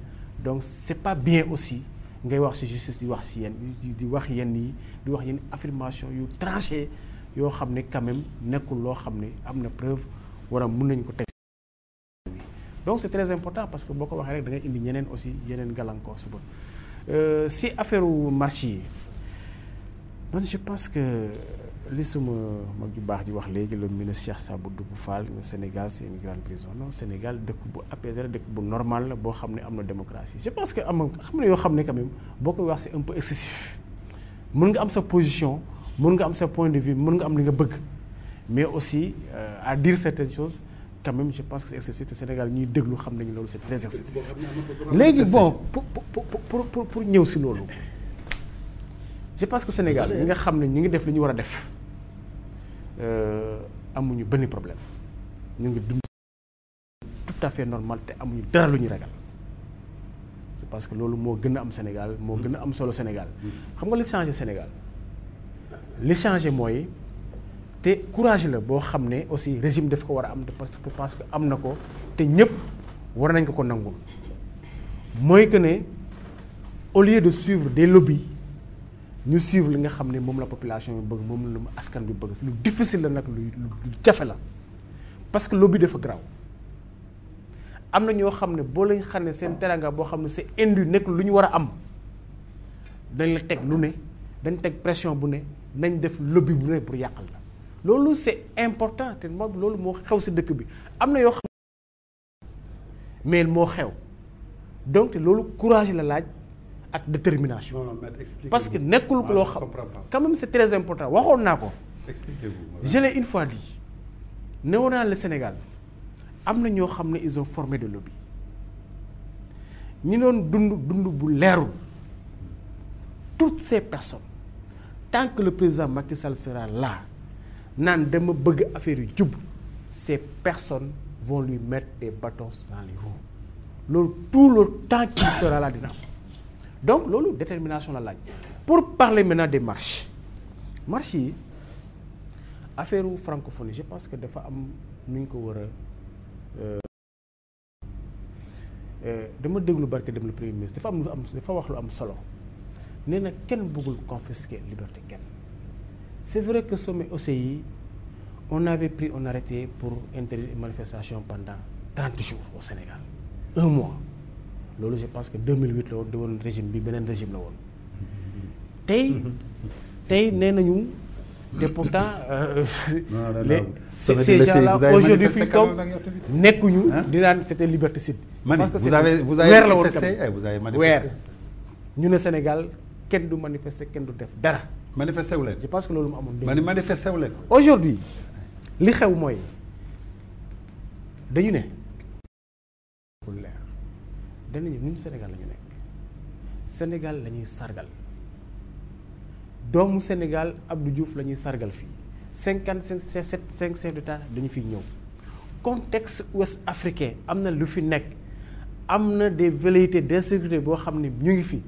donc c'est pas bien aussi ngay wax ci justice di wax ci yenn di wax yenn yi di wax yenn affirmation yu tranché yoo xam ne quand nekkul loo xam ne am na preuve wala mun nañu ko teg donc c'est très important parce que boo ko waxee rek da ngay indi ñeneen aussi yeneen gàllankoor suba euh, si affaire marché yi man je pense que li suma mag ju baax ji wax léegi le ministre Cheikh Sabou Doubou Fall ne Sénégal c'est une grande prison Sénégal dëkk bu apaisé la dëkk bu normal la boo xam ne am na démocratie je pense que am na xam ne yoo xam ne quand boo koy wax c'est un peu excessif mën nga am sa position mën nga am sa point de vue mën nga am li nga bëgg mais aussi euh, à dire certaines choses quand même je pense que c'est excessif te Sénégal ñuy déglu xam nañu loolu c'est très excessif léegi bon pour pour pour pour ñëw si loolu je parce que Sénégal ñi nga xam ne ñu ngi def li ñu war a def euh, amuñu benn problème ñu ngi dund tout à fait normal te amuñu dara lu ñu ragal c'est parce que loolu moo gën a am Sénégal moo gën a am solo Sénégal xam nga li changé Sénégal li changé mooy te courage la boo xam ne aussi régime def ko war a am parce que parce que am na ko te ñëpp war nañ ko ko nangul mooy que ne au lieu de suivre des lobbies ñu suivre li nga xam ne moom la population bi bëgg moom ma askan bi bëgg lu difficile la nag lu jafe la parce que lobby dafa garaaw am na ñoo xam ne boo lañ xam ne seen teranga boo xam ne c'est indi nekk lu ñu war a am dañ la teg lu ne dañ teg pression bu ne dañ def lobby bu ne pour yàqal la loolu c'est important te moom loolu moo xew si dëkk bi am na yoo xam mais moo xew donc loolu courage la laaj ak détermination. Non, parce que nekkul loo ah, xam quand même c'est très important waxoon naa ko. expliquez-vous je l'ai une fois dit newoon naa le Sénégal am na ñoo xam ne ils ont formé de lobby ñi doon dund dund bu leerul toutes ces personnes tant que le président Macky Sall la là naan dama bëgg affaire yu jub ces personnes vont lui mettre des bâtons dans les loolu tout le temps qu'il sera là dina am. donc loolu détermination la laaj pour parler maintenant des marches marches yi affaire francophonie je pense que dafa am nu ñu ko war a. Euh, euh, dama déglu barke dem le premier ministre dafa am lu am dafa wax lu am solo nee na kenn buggul confisquer liberté kenn c'est vrai que sommet OCI on avait pris un arrêté pour interdire une manifestation pendant trente jours au Sénégal un mois loolu je pense que 2008 la woon di woon régime bi beneen régime la woon tey tey nee nañu te pourtant euh, mais ces gens-là aujourd'hui fi toog nekkuñu di naan c'était liberticide parce que vous avez vous avez manifesté eh, vous avez manifesté weer ñu ne Sénégal kenn du manifester kenn du def dara manifesté wu leen je pense que loolu mu amoon dé manifesté wu leen aujourd'hui li xew mooy dañu ne danañu ñun Sénégal la ñu nekk Sénégal lañuy ñuy sargal doomu Sénégal Abdou Diouf la ñuy sargal fii cinquante cinq sept cinq de d'État dañu fiy ñëw contexte ouest africain am na lu fi nekk am na des velléités d'insécurité boo xam ne ñu ngi fi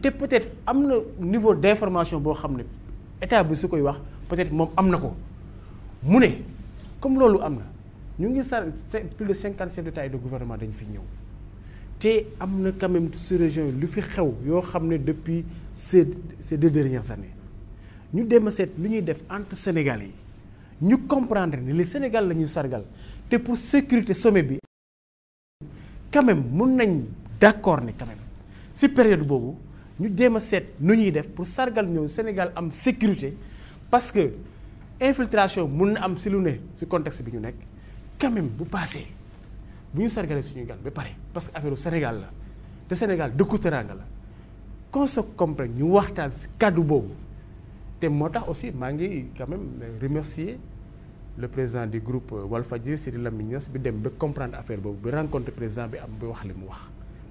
te peut-être am na niveau d'information boo xam ne état bi su koy wax peut-être moom am na ko mu ne comme loolu am na ñu ngi sar plus de cinquante chefs d'État et de gouvernement dañu fiy ñëw te am na quand même sur région lu fi xew yoo xam ne depuis ces ces deux dernières années ñu dem a seet lu ñuy def entre sénégal yi ñu comprendre ne le Sénégal la ñuy sargal te pour sécurité sommet bi quand mun nañ d'accord ne quand même si période boobu ñu jéem a seet nu ñuy def pour sargal ñëw Sénégal am sécurité parce que infiltration mun na am si lu ne si contexte bi ñu nekk quand bu passé bu ñu sargalee suñu gan ba pare parce que affaire Sénégal la te Sénégal dëkku teraanga la qu'on se comprenne ñu waxtaan si kàddu boobu te moo tax aussi maa ngi quand même remercier le président du groupe euh, Walfadjri Sidi Lamine Niass bi dem ba comprendre affaire boobu bi rencontre président bi am bi wax li mu wax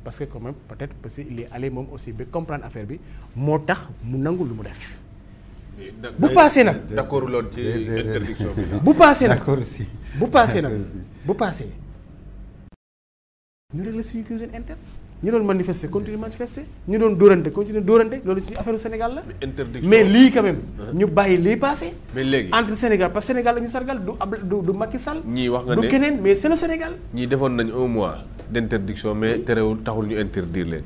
parce que quand peut-être parce que il est allé moom aussi ba comprendre affaire bi moo tax mu nangu lu mu def bu paasee nag d'accord loon ci interdiction bi bu paasee nag bu paasee nag bu paasee ñu régler suñu cuisine interne ñu doon manifester continuer manifester ñu doon dóorante continuer dóorante loolu ci affaire Sénégal la. mais lii quand même. ñu bàyyi lii passé. mais léegi entre Sénégal parce que Sénégal la ñu sargal du ab du du Macky Sall. wax nga ne du keneen mais c'est Sénégal. ñii defoon nañ un mois d' interdiction mais terewul taxul ñu interdire leen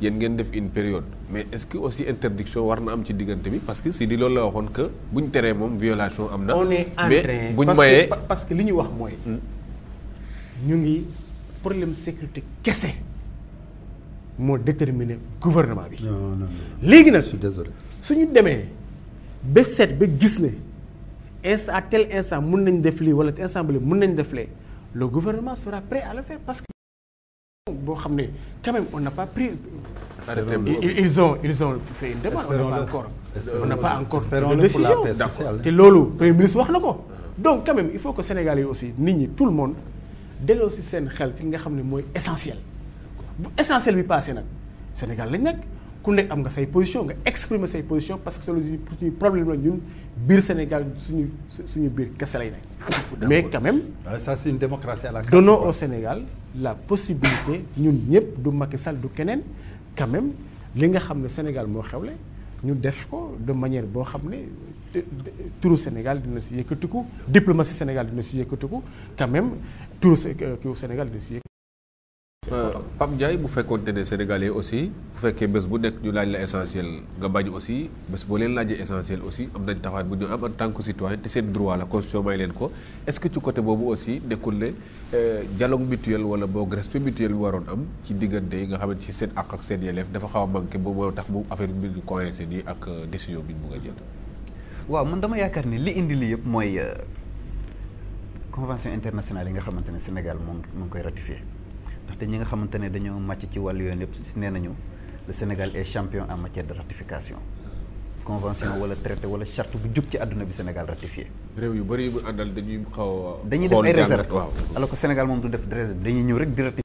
yéen ngeen def une période mais est que aussi interdiction war na am ci diggante bi parce que si di loolu la waxoon que buñ teree moom violation am na. on est en que li ñu wax mooy. Hmm? ñu ngi. problème sécurité kese moo déterminer gouvernement bi. léegi na su suis désolé suñu demee ba seet ba gis ne instant tel instant mun nañ def lii wala instant bi mun nañ def lee le gouvernement sera prêt à le faire parce que. boo xam ne quand même on n'a pas pris. Ils, ils ont ils ont demande. on n'a pas encore te loolu premier ministre wax na ko. donc quand même il faut que Sénégalais yi aussi nit ñi tout le monde. delloo si seen xel ci li nga xam ne mooy essentiel bu essentiel bi passé nag Sénégal lañ nag ku nekk am nga say position nga exprimer say position parce que solo suñu problème la ñun biir Sénégal suñu suñu biir kese lay nekk. mais quand même. Ah, ça c'est une démocratie à la carte. au Sénégal la possibilité ñun ñëpp du Macky sal du keneen quand li nga xam ne Sénégal moo xew xewle. ñu def ko de manière boo xam ne tour Sénégal dina si yëkkatiku diplomatie Sénégal dina si yëkkatiku quand même turu Sénégal euh, dina si yëkkatiku Euh, Pape jaay bu fekkoonte ne sénégalais aussi bu fekkee bés bu nekk ñu laaj la essentiel nga bañ aussi bés boo leen laajee essentiel aussi am nañ taxawaat bu ñu am en tant que citoyen te seen droit la constitution may leen ko est-ce que ci côté boobu aussi nekkul ne euh, dialogue mutuel wala boo respect mutuel bi waroon am ci diggante yi nga xamante ci seen àq ak seen yelleef dafa xaw a manqué ba moo tax bu affaire bi ñu coincé nii ak euh, décision bi ñu bëgg a waaw man dama yaakaar ni li indi li yëpp mooy convention internationale yi nga xamante ne Sénégal moo ngi koy ratifié. ndaxte ñi nga xamante ne dañoo màcc ci wàll yoon yëpp nee nañu le Sénégal est champion en matière de ratification convention wala traité wala charte bu jug ci àdduna bi Sénégal ratifié. réew yu bëri yu àndal dañuy xaw dañuy def ay réserve waaw alors Sénégal moom du def réserve dañuy ñëw rek di ratifié.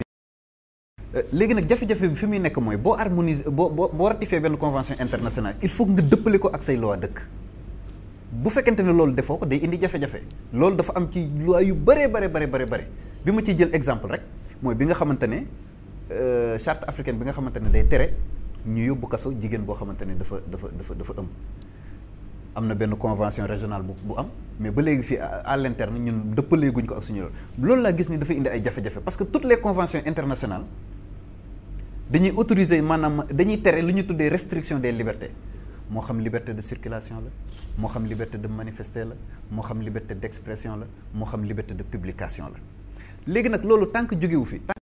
Euh, léegi nag jafe-jafe bi fi muy nekk mooy boo harmonise boo boo boo ratifié benn convention internationale il faut nga dëppale ko ak say loi dëkk. bu fekkente ne loolu defoo day indi jafe loolu dafa am ci loi yu bëree bare bare bare bi ma ciy jël exemple rek. mooy bi nga xamante ne euh, charte africaine bi nga xamante ne day tere ñu yóbbu kaso jigéen boo xamante ne dafa dafa dafa dafa ëmb. am na benn convention régionale bu bu am mais ba léegi fii à l'interne ñun dëppalee guñ ko ak suñu loolu laa gis ni dafa indi ay jafe-jafe parce que toutes les conventions internationales dañuy autoriser maanaam dañuy tere lu ñu tuddee restriction des libertés moo xam liberté de circulation la moo xam liberté de manifester la moo xam liberté d'expression la moo xam liberté de publication la léegi nag loolu tant que jógewu fi tant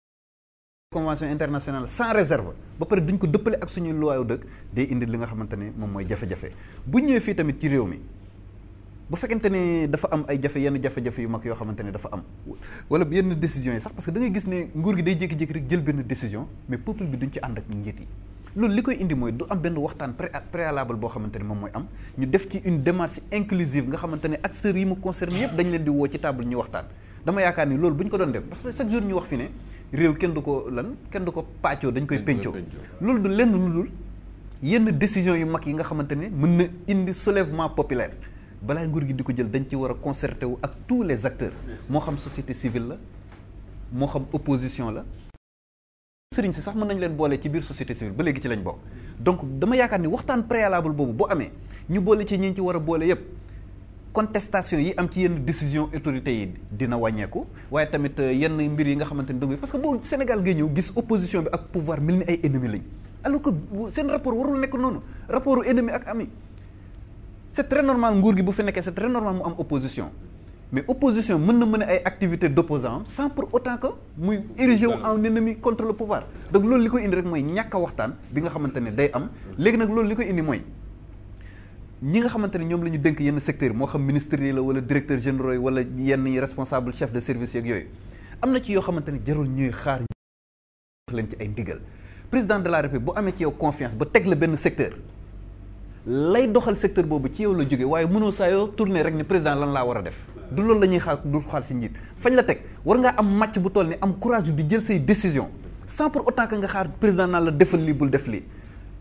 convention internationale sans réserve ba pare duñ ko dëppale ak suñu luwaayu dëkk day indi li nga xamante ne moom mooy jafe-jafe bu ñëwee fii tamit ci réew mi bu fekkente ne dafa am ay jafe yenn jafe-jafe yu mag yoo xamante ne dafa am wala yenn décisions yi sax parce que da gis ne nguur gi day jékki-jékki rek jël benn décision mais peuple bi duñ ci ànd ak njiit yi loolu li koy indi mooy du am benn waxtaan pré préalable boo xamante ne moom mooy am ñu def ci une démarche inclusive nga xamante ne acteurs yi mu concerné yëpp dañ leen di woo ci table ñu waxtaan dama yaakaar ni loolu bu ko doon def parce que chaque jour ñu wax fi ne réew kenn du ko lan kenn du ko pàccoo dañ koy pencoo loolu du lenn lu dul yenn décision yu mag yi nga xamante ne mën na indi soulèvement populaire balaa nguur gi di ko jël dañ ci war a concerté wu ak tous les acteurs moo xam société civile la moo xam opposition la sëriñ si sax mën nañ leen boole ci biir société civile ba léegi ci lañ bokk donc dama yaakaar ni waxtaan préalable boobu boo amee ñu boole ci ñi ci war boole yépp contestation yi am ci yenn décision autorités yi dina wàññeeku waaye tamit euh, yenn mbir yi nga xamante ni dëgg parce que boo Sénégal ngay ñëw gis opposition bi ak pouvoir mel ni ay ennemis lañ alors seen rapport warul nekk noonu rapport ennemi ak ami c'est très normal nguur gi bu fi nekkee c'est très normal mu am opposition mais opposition mën na mën ay activité d'opposant sans pour autant que muy érigé wu en ennemi contre le pouvoir donc loolu li koy indi rek mooy ñàkk waxtaan bi nga xamante ne day am léegi loolu li koy indi mooy ñi nga xamante ne ñoom la ñu dënk yenn secteur moo xam ministre yi la wala directeur généraux yi wala yenn yi responsable chef de service yeeg yooyu am na ci yoo xamante ne jarul ñuy xaar wax ci ay ndigal président de la république bu amee ci yow confiance ba teg la benn secteur lay doxal secteur boobu ci yow la jóge waaye mënoo saa yoo tourné rek ni président lan laa war a def du loolu la ñuy xaar du xaal njiit fañ la teg war nga am màcc bu toll ni am courage di jël say décision sans pour autant que nga xaar président naa la defal lii bul def lii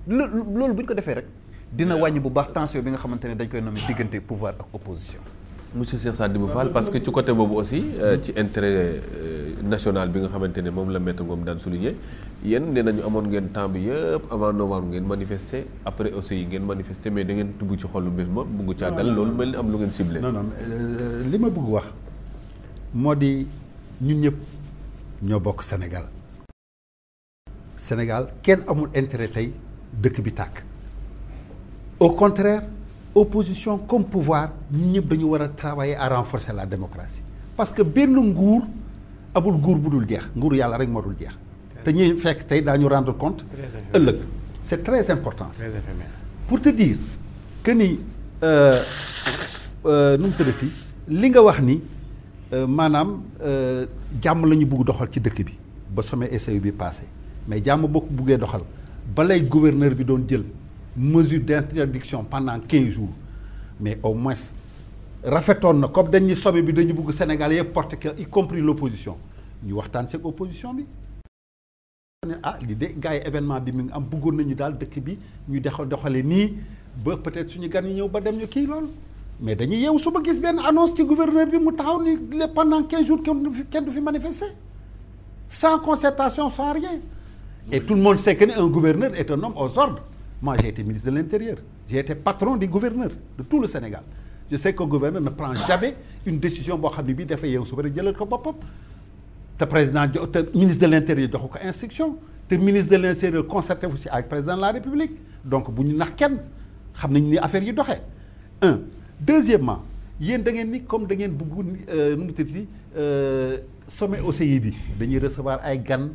loolu bu ñu ko defee rek dina wàññi bu baax tension bi nga xamante ne dañ koy nommer diggante pouvoir ak opposition. monsieur Cheikh Sadibou Fall parce que ci côté boobu aussi euh, ci intérêt euh, national bi nga xamante ne moom la maître Ngom daan souligner yéen nee nañu amoon ngeen temps bi yëpp avant ngeen manifester après aussi yi ngeen manifester mais da ngeen tubb ci xolu mbir ma bugg caa dal loolu mel ni am lu ngeen ciblé. non non euh, li ma bugg wax moo di ñun ñëpp ñoo bokk Sénégal Sénégal kenn amul intérêt tey dëkk bi tàkk. au contraire opposition comme pouvoir ñi ñëpp dañu war a travailler à renforcer la démocratie parce que benn nguur amul nguur bu dul jeex nguur yàlla rek moo dul jeex te ñuy fekk tey daañu rendre compte ëllëg c'est très important pour te dire que ni euh, euh, nu mu tëddati li nga wax ni euh, maanaam jàmm lañu bugg doxal ci dëkk bi ba some SAU bi passé mais jàmm bokk buggee doxal balay gouverneur bi doon jël mesure d'interdiction pendant quinze jours mais au moins rafetoon na comme dañuy somme bi dañu bugg Sénégal yëpp porte que y compris l'opposition ñu waxtaan seeg opposition bi ne ah li de gars yi événement bi mi ngi am bëggoon nañu daal dëkk bi ñu dexal doxale nii ba peut-être suñu gan yi ñëw ba dem ñu kii loolu mais dañuy yeewu suba gis benn annonce ci gouverneur bi mu taxaw ni les pendant quinze jours kenn du fi kenn du fi manifester sans concertation sans rien et tout le monde sait que un gouverneur est Moi, j'ai été ministre de l'Intérieur. J'ai été patron du gouverneur de tout le Sénégal. Je sais que le gouverneur ne prend jamais une décision boo xam ne bii dafay yow suba rek jëlal ko boppam te président te ministre de l'Intérieur jox ko instruction te ministre de l'Intérieur concerté aussi avec président de la République donc bu ñu nax kenn xam nañu ni affaire yi doxee un deuxièmement yéen da ngeen ni comme da ngeen bëgg euh, nu mu tëddi euh, sommet OCI bi dañuy recevoir ay gan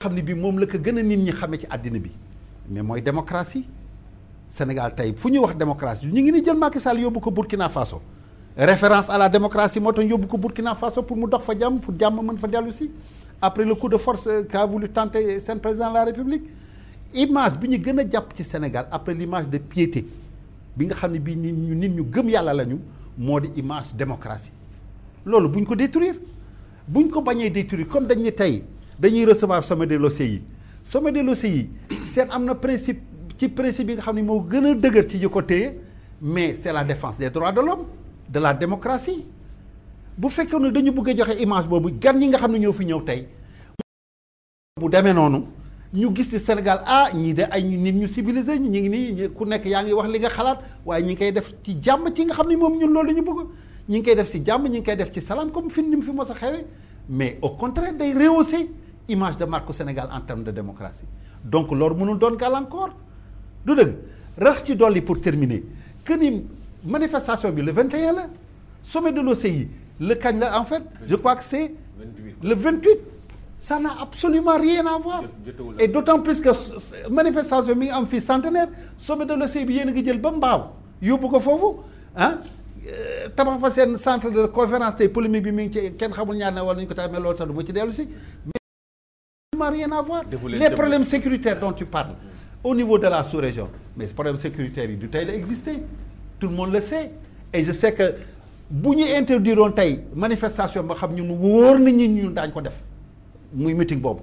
xam ne bi moom la ko gën nit ñi xamee ci àddina bi mais mooy démocratie Sénégal tey fu ñuy wax démocratie ñu ngi ni jël Macky Sall yóbbu ko Burkina Faso référence à la démocratie moo tax yóbbu ko Burkina Faso pour mu dox fa jàmm pour jàmm mën fa dellu si après le coup de force qu'a voulu tenter seen président la République image bi ñu gën a jàpp ci Sénégal après l'image de piété bi nga xam ne bii nit ñu nit ñu gëm yàlla lañu moo di image démocratie loolu bu ñu ko détruire bu ñu ko bañee détruire comme dañ ne tey dañuy recevoir sommet de l'OCI sommet de l'OCI yi seen am na principe ci principe bi nga xam ne moo gën a dëgër ci yi ko téye mais c'est la defence des droits de l'homme de la démocratie bu fekkoon ne dañu bëgg a joxe image boobu gan ñi nga xam ne ñoo fi ñëw tey bu demee noonu ñu gis ci Sénégal ah ñii de ay nit ñu civilisé ñu ngi nii ku nekk yaa ngi wax li nga xalaat waaye ñi ngi koy def ci jàmm ci nga xam ne moom ñun loolu ñu bëgg ñi ngi koy def ci jàmm ñi koy def ci salaam comme fi ni mu fi mos a xewee mais au contraire day rehausser image de marque au Sénégal en termes de démocratie donc loolu mënul doon gàllankoor du dëgg rax ci dolli pour terminer que ni manifestation bi le 21 la sommet de l'OCI le kañ la en fait je crois que c'est le 28 ça n'a absolument rien à voir et d'autant plus que manifestation mi ngi am fii centenaire sommet de l'OCI bi yéen a ngi jël ba mbaaw yóbbu ko foofu ah euh, tabax fa seen centre de conférence tey polémique bi mi ngi ci kenn xamul ñaar ne war nañ ko tax mais loolu sax du ma ci dellu si absolument rien à voir les problèmes sécuritaires dont tu parles au niveau de la sous-région mais problème sécuritaire yi du tey la exister tout le monde le sait et je sais que bu ñu interdiroon tey manifestation ba xam ñun wóor na ñun ñun daañ ko def muy meeting boobu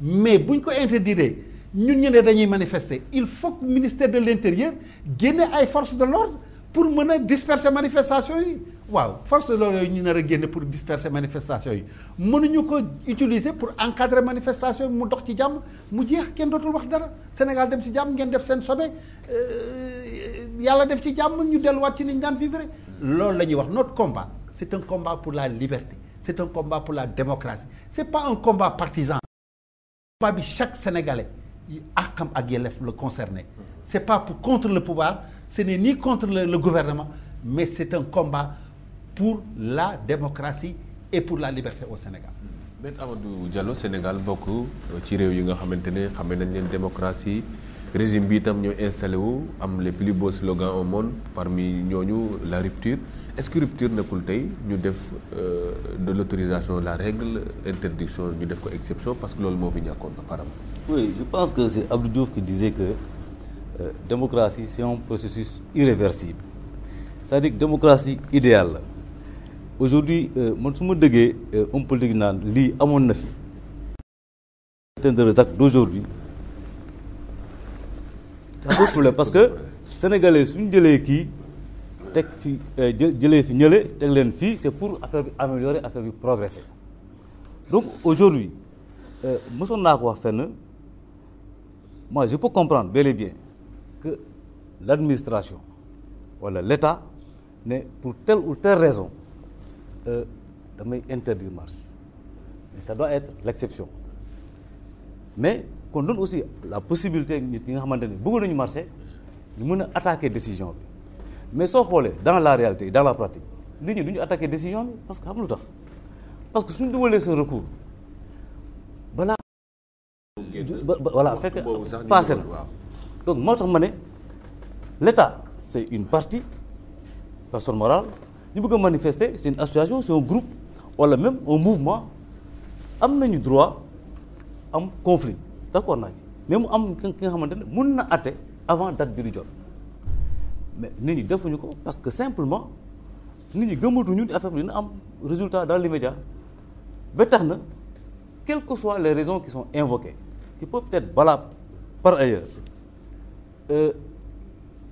mais buñ ko interdiree ñun ñu ne dañuy manifester il faut que ministère de l'intérieur génne ay forces de l'ordre pour mën a disperser manifestation yi waaw force de l'ordre yooyu ñu nar a génne pour disperser manifestation yi mënuñu ko utiliser pour encadrer manifestation yi mu dox ci jàmm mu jeex kenn dootul wax dara Sénégal dem ci jàmm ngeen def seen sommet euh, yàlla def ci jàmm ñu delluwaat ci ni ñu daan vivre loolu la ñuy wax notre combat c'est un combat pour la liberté c'est un combat pour la démocratie c'est pas un combat partisan chaque Sénégalais àqam ak yelleef le concerné c'est pas pour contre le pouvoir ce n'est ni contre le, gouvernement mais c'est un combat pour la démocratie et pour la liberté au Sénégal Maître Amadou Diallo Sénégal bokk ci réew yi nga xamante ne xamee nañ leen démocratie régime bi itam ñoo installé wu am les plus beaux slogans au monde parmi ñooñu la rupture est-ce que rupture nekkul tey ñu def euh, de l'autorisation la règle interdiction ñu def ko exception parce que loolu moo fi ñàkkoon apparemment. oui je pense que c'est Abdou Diouf qui disait que euh, démocratie c'est un processus irréversible c'est-à-dire que démocratie idéale la aujourd'hui euh, man su ma déggee euh, homme politique naan lii amoon na fi. certains de les actes d'aujourd'hui c'est un gros parce que sénégalais suñu jëlee kii teg fi euh, jëlee fi ñële teg leen fii c'est pour affaire bi améliorer affaire bi progresser donc aujourd'hui euh, mësoon naa ko wax fenn mois je peux comprendre bel et bien que l'administration wala l'État ne pour telle ou telle raison euh, damay interdire marche mais ça doit être l'exception mais kon loolu aussi la possibilité nit ñi nga xamante ni bëggoon nañu marché ñu mën a attaquer décision bi mais soo xoolee dans la réalité dans la pratique nit ñi du ñu attaquer décision bi parce que xam lu tax parce que suñ dugalee seen recours balaa. voilà fekk passé na donc moo tax ma ne l' état est une partie personne morale ñu bëgg a manifester c' est une association groupe wala même un mouvement am nañu droit am conflit. d'accord naa ci mais mu am ki nga xamante ne mun na atte avant date bi di jot mais nit ñi defuñu ko parce que simplement nit ñi gëmatuñu ni affaire bi dina am résultat dans l'immédiat ba tax na quelque que les raisons qui son invoquées qui peuvent être valables par ailleurs euh,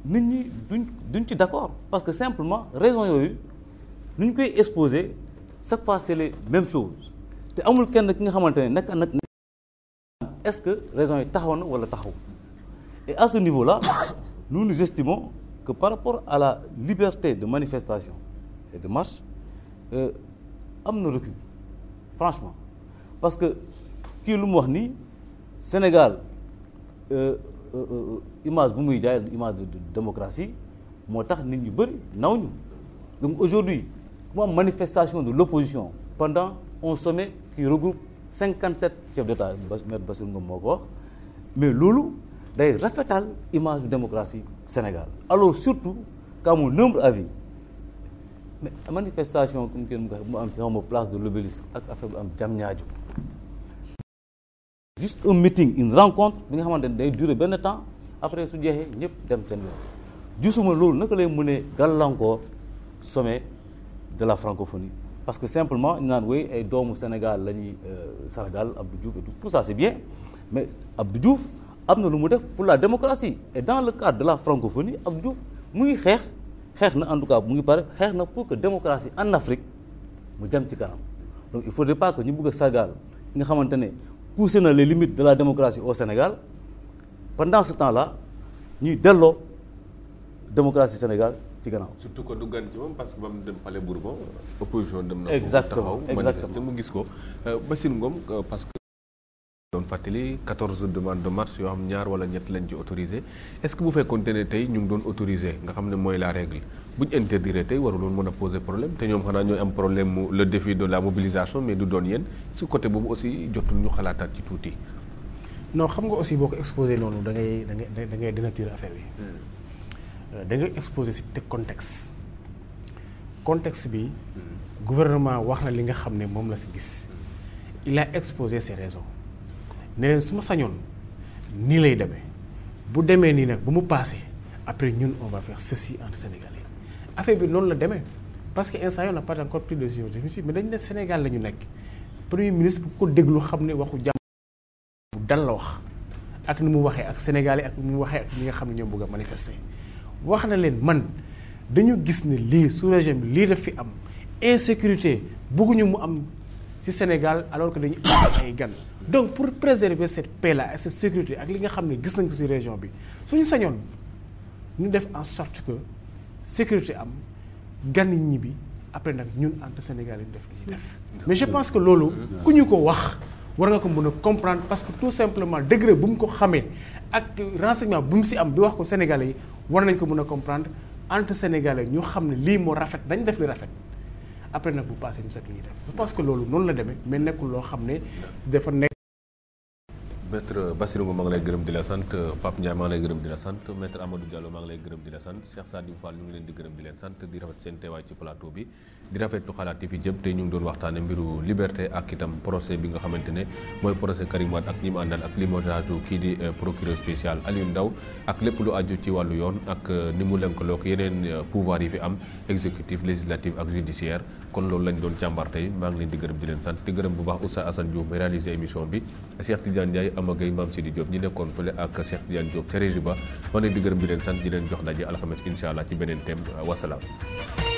nit ñi duñ duñ ci d'accord parce que simplement raison yooyu nu ñu koy exposer chaque fois c'est même mêmes te amul kenn ki nga xamante ne nekk nag est-ce que raison yi taxaw na wala taxaw et à ce niveau-là nous nous estimons que par rapport à la liberté de manifestation et de marche euh, am na recul franchement parce que kii lu mu wax nii Sénégal euh, euh, euh image bu muy jaay image de, de démocratie moo tax nit ñu bëri naw ñu donc aujourd'hui mu am manifestation de l'opposition pendant un sommet qui regroupe cinquante 57 chefs d'État maître Bassirou Ngom moo ko wax mais loolu day rafetal image de démocratie Sénégal alors surtout quand mon nombre à vie mais manifestation comme kenn mu mu am fi xawma place de l'Obélisque ak affaire bu am Diamniadio juste un meeting une rencontre bi nga xamante ne day durer benn temps après su jeexee ñëpp dem seen yoon gisuma loolu naka lay mënee gàllankoor sommet de la francophonie parce que simplement ñu naan woy ay doomu Sénégal lañuy ñuy euh, sargal Abdou Diouf et tout tout ça c'est bien mais Abdou Diouf am na lu mu def pour la démocratie et dans le cadre de la francophonie Abdou Diouf mu ngi xeex xeex na en tout cas mu ngi pare xeex na pour que démocratie en Afrique mu jëm ci kanam donc il faudrait pas que ñu bëgg a sargal ki nga xamante ne poussé na les limites de la démocratie au Sénégal pendant ce temps la ñuy delloo démocratie Sénégal ci gannaaw. surtout que du gan ci moom parce que ba mu dem Palais Bourbon opposition dem exactement exactement mu gis ko. Euh, Bassirou Ngom euh, parce que. doon fàttali quatorze demandes de marche yoo xam ñaar wala ñett lañ ci autorisé est ce que bu fekkoonte ne tey ñu ngi doon autorisé nga xam ne mooy la règle bu ñu interdire tey waruloon mën a poser problème te ñoom xanaa ñooy am problème mu le de la mobilisation mais du doon yéen si côté boobu aussi jotul ñu xalaataat ci tuuti. non xam boo ko exposé noonu da ngay da ngay da ngay dénaturer Euh, da nga exposé ci te contexte contexte bi gouvernement wax na li nga xam ne moom la si gis il a exposé ses raisons ne su ma sañoon nii lay demee bu demee nii nag bu mu passé après ñun on va faire ceci entre sénégalais affaire bi noonu la demee parce que instant yoo na pas encore pris de décision définitive mais dañ ne Sénégal la ñu nekk premier ministre bu ko déglu xam ne waxu jàmm bu dal la wax ak ni mu waxee ak sénégalais ak ni waxee ak nga xam ne ñoom bëgg a wax na leen man dañu gis ne lii sous régime bi lii def fi am insécurité bëgguñu mu am ci Sénégal alors que dañu am ay gan donc pour préserver cette paix là et cette sécurité ak li nga xam ne gis nañ ko ci région bi suñu sañoon ñu def en sorte que sécurité am gan yi ñibbi après nag ñun entre Sénégal yi def li ñuy def mais je pense que loolu ku ñu ko wax war nga ko mën a comprendre parce que tout simplement degré bu mu ko xamee ak renseignement bu mu ci am bi wax ko sénégal war nañ ko mën a comprendre entre sénégale ñu xam ne lii moo rafet dañu def li rafet après nag bu passé ñu sax li ñuy def je que loolu noonu la demee mais nekkul loo xam ne dafa nekk maître Bassirou Ngom maa ngi lay gërëm di la sant Pape Ndiaye maa ngi lay gërëm di la sant maître Amadou Diallo maa ngi lay gërëm di la sant Cheikh Sadibou Fall ñu ngi leen di gërëm di leen sant di rafet seen teewaay ci plateau bi di rafetlu xalaat yi fi jëpp te ñu ngi doon waxtaane mbiru liberté ak itam procès bi nga xamante ne mooy procès Karim Wade ak ñi mu àndal ak limogeage kii di euh, procureur spécial Aliou Ndao ak lépp lu aju ci wàllu yoon ak euh, ni mu lëkkaloo ak yeneen euh, pouvoir yi fi am exécutif législatif ak judiciaire kon loolu lañ doon càmbar tey maa ngi leen di gërëm di leen sant di gërëm bu baax Oustaz Assane Diouf mi réalisé émission bi Cheikh Tidiane Ndiaye Ama Gueye Mame Sidi Diop ñi nekkoon fële ak Cheikh Tidiane Diop ca régie ba maa leen di gërëm di leen sant di leen jox daje alxames incha allah ci beneen thème wasalaam